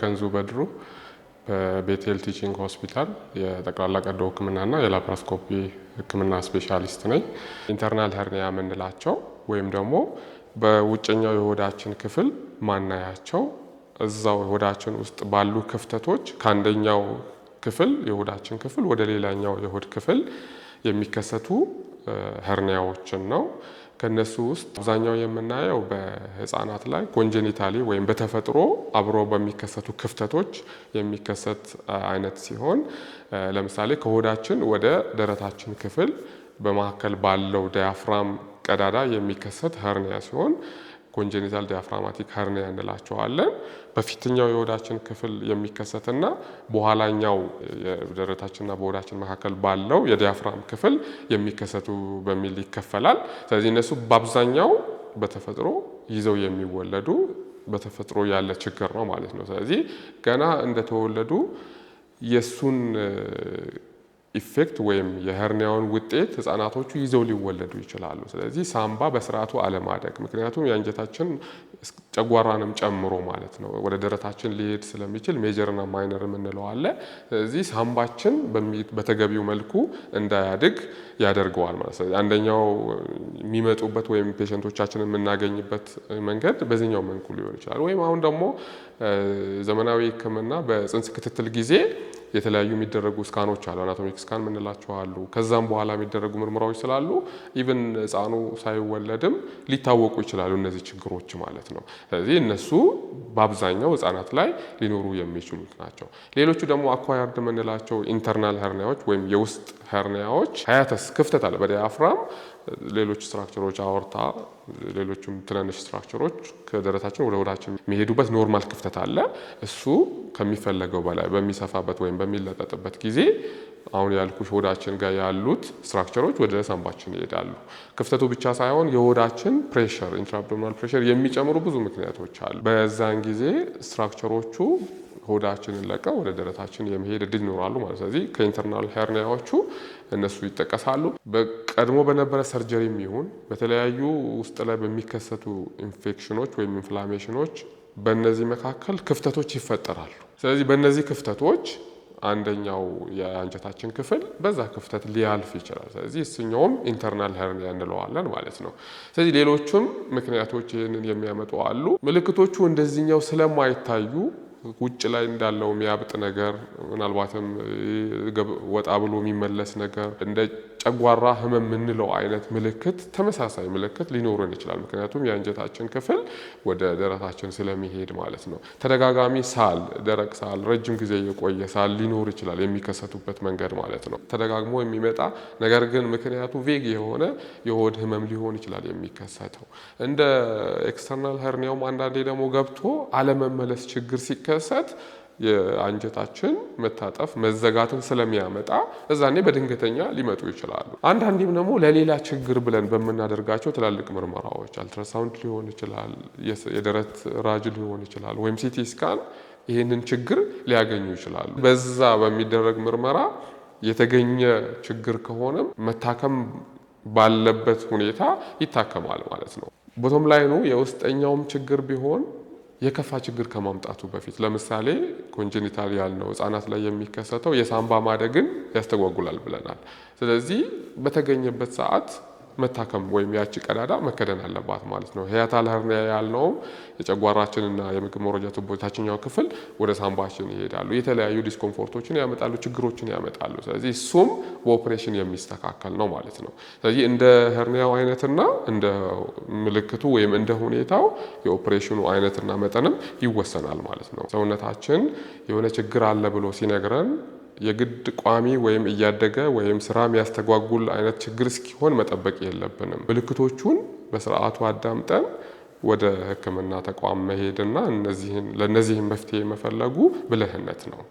ከንዙ በድሩ በቤቴል ቲችንግ ሆስፒታል የጠቅላላ ቀዶ ሕክምናና የላፕራስኮፒ ሕክምና ስፔሻሊስት ነኝ። ኢንተርናል ሄርኒያ የምንላቸው ወይም ደግሞ በውጭኛው የሆዳችን ክፍል ማናያቸው እዛው ሆዳችን ውስጥ ባሉ ክፍተቶች ከአንደኛው ክፍል የሆዳችን ክፍል ወደ ሌላኛው የሆድ ክፍል የሚከሰቱ ሄርኒያዎችን ነው። ከነሱ ውስጥ አብዛኛው የምናየው በህፃናት ላይ ኮንጀኒታሊ ወይም በተፈጥሮ አብሮ በሚከሰቱ ክፍተቶች የሚከሰት አይነት ሲሆን ለምሳሌ ከሆዳችን ወደ ደረታችን ክፍል በመካከል ባለው ዳያፍራም ቀዳዳ የሚከሰት ሀርኒያ ሲሆን ኮንጀኒታል ዲያፍራማቲክ ሀርኒያ እንላቸዋለን። በፊትኛው የሆዳችን ክፍል የሚከሰትና በኋላኛው ደረታችንና በሆዳችን መካከል ባለው የዲያፍራም ክፍል የሚከሰቱ በሚል ይከፈላል። ስለዚህ እነሱ በአብዛኛው በተፈጥሮ ይዘው የሚወለዱ በተፈጥሮ ያለ ችግር ነው ማለት ነው። ስለዚህ ገና እንደተወለዱ የእሱን ኢፌክት ወይም የሄርኒያውን ውጤት ህጻናቶቹ ይዘው ሊወለዱ ይችላሉ። ስለዚህ ሳምባ በስርዓቱ አለማደግ፣ ምክንያቱም የአንጀታችን ጨጓራንም ጨምሮ ማለት ነው ወደ ደረታችን ሊሄድ ስለሚችል ሜጀርና ማይነር የምንለው አለ። ስለዚህ ሳምባችን በተገቢው መልኩ እንዳያድግ ያደርገዋል ማለት ነው። አንደኛው የሚመጡበት ወይም ፔሸንቶቻችን የምናገኝበት መንገድ በዚህኛው መልኩ ሊሆን ይችላል። ወይም አሁን ደግሞ ዘመናዊ ህክምና በጽንስ ክትትል ጊዜ የተለያዩ የሚደረጉ ስካኖች አሉ። አናቶሚክ ስካን ምንላቸው አሉ። ከዛም በኋላ የሚደረጉ ምርምራዎች ስላሉ ኢቭን ህፃኑ ሳይወለድም ሊታወቁ ይችላሉ እነዚህ ችግሮች ማለት ነው። ስለዚህ እነሱ በአብዛኛው ህፃናት ላይ ሊኖሩ የሚችሉት ናቸው። ሌሎቹ ደግሞ አኳያርድ ምንላቸው ኢንተርናል ሄርኒያዎች ወይም የውስጥ ሄርኒያዎች ሀያተስ ክፍተት አለ በዲያፍራም ሌሎች ስትራክቸሮች አወርታ፣ ሌሎችም ትናንሽ ስትራክቸሮች ከደረታችን ወደ ሆዳችን የሚሄዱበት ኖርማል ክፍተት አለ። እሱ ከሚፈለገው በላይ በሚሰፋበት ወይም በሚለጠጥበት ጊዜ አሁን ያልኩሽ ሆዳችን ጋር ያሉት ስትራክቸሮች ወደ ሳንባችን ይሄዳሉ። ክፍተቱ ብቻ ሳይሆን የሆዳችን ፕሬሽር፣ ኢንትራአብዶሚናል ፕሬሽር የሚጨምሩ ብዙ ምክንያቶች አሉ። በዛን ጊዜ ስትራክቸሮቹ ሆዳችንን ለቀው ወደ ደረታችን የመሄድ እድል ይኖራሉ ማለት ስለዚህ ከኢንተርናል ሄርኒያዎቹ እነሱ ይጠቀሳሉ። በቀድሞ በነበረ ሰርጀሪም ይሁን በተለያዩ ውስጥ ላይ በሚከሰቱ ኢንፌክሽኖች ወይም ኢንፍላሜሽኖች በእነዚህ መካከል ክፍተቶች ይፈጠራሉ። ስለዚህ በእነዚህ ክፍተቶች አንደኛው የአንጀታችን ክፍል በዛ ክፍተት ሊያልፍ ይችላል። ስለዚህ እሱኛውም ኢንተርናል ሄርኒያ እንለዋለን ማለት ነው። ስለዚህ ሌሎቹም ምክንያቶች ይህንን የሚያመጡ አሉ። ምልክቶቹ እንደዚህኛው ስለማይታዩ ውጭ ላይ እንዳለው የሚያብጥ ነገር ምናልባትም ወጣ ብሎ የሚመለስ ነገር እንደ ጨጓራ ህመም የምንለው አይነት ምልክት ተመሳሳይ ምልክት ሊኖረን ይችላል። ምክንያቱም የአንጀታችን ክፍል ወደ ደረታችን ስለሚሄድ ማለት ነው። ተደጋጋሚ ሳል፣ ደረቅ ሳል፣ ረጅም ጊዜ የቆየ ሳል ሊኖር ይችላል የሚከሰቱበት መንገድ ማለት ነው። ተደጋግሞ የሚመጣ ነገር ግን ምክንያቱ ቬግ የሆነ የሆድ ህመም ሊሆን ይችላል የሚከሰተው። እንደ ኤክስተርናል ሄርኒያውም አንዳንዴ ደግሞ ገብቶ አለመመለስ ችግር ሲከሰት የአንጀታችን መታጠፍ መዘጋትን ስለሚያመጣ እዛኔ በድንገተኛ ሊመጡ ይችላሉ። አንዳንዴም ደግሞ ለሌላ ችግር ብለን በምናደርጋቸው ትላልቅ ምርመራዎች አልትራሳውንድ ሊሆን ይችላል፣ የደረት ራጅ ሊሆን ይችላል፣ ወይም ሲቲ ስካን ይህንን ችግር ሊያገኙ ይችላሉ። በዛ በሚደረግ ምርመራ የተገኘ ችግር ከሆነም መታከም ባለበት ሁኔታ ይታከማል ማለት ነው። ቦቶም ላይኑ የውስጠኛውም ችግር ቢሆን የከፋ ችግር ከማምጣቱ በፊት ለምሳሌ ኮንጀኒታል ያልነው ህጻናት ላይ የሚከሰተው የሳምባ ማደግን ያስተጓጉላል ብለናል። ስለዚህ በተገኘበት ሰዓት መታከም ወይም ያቺ ቀዳዳ መከደን አለባት ማለት ነው። ሂያታል ሄርኒያ ያልነውም የጨጓራችንና የምግብ መውረጃ ቱቦ የታችኛው ክፍል ወደ ሳምባችን ይሄዳሉ። የተለያዩ ዲስኮምፎርቶችን ያመጣሉ፣ ችግሮችን ያመጣሉ። ስለዚህ እሱም በኦፕሬሽን የሚስተካከል ነው ማለት ነው። ስለዚህ እንደ ሄርኒያው አይነትና እንደ ምልክቱ ወይም እንደ ሁኔታው የኦፕሬሽኑ አይነትና መጠንም ይወሰናል ማለት ነው። ሰውነታችን የሆነ ችግር አለ ብሎ ሲነግረን የግድ ቋሚ ወይም እያደገ ወይም ስራ የሚያስተጓጉል አይነት ችግር እስኪሆን መጠበቅ የለብንም። ምልክቶቹን በስርዓቱ አዳምጠን ወደ ሕክምና ተቋም መሄድና ለእነዚህም መፍትሄ መፈለጉ ብልህነት ነው።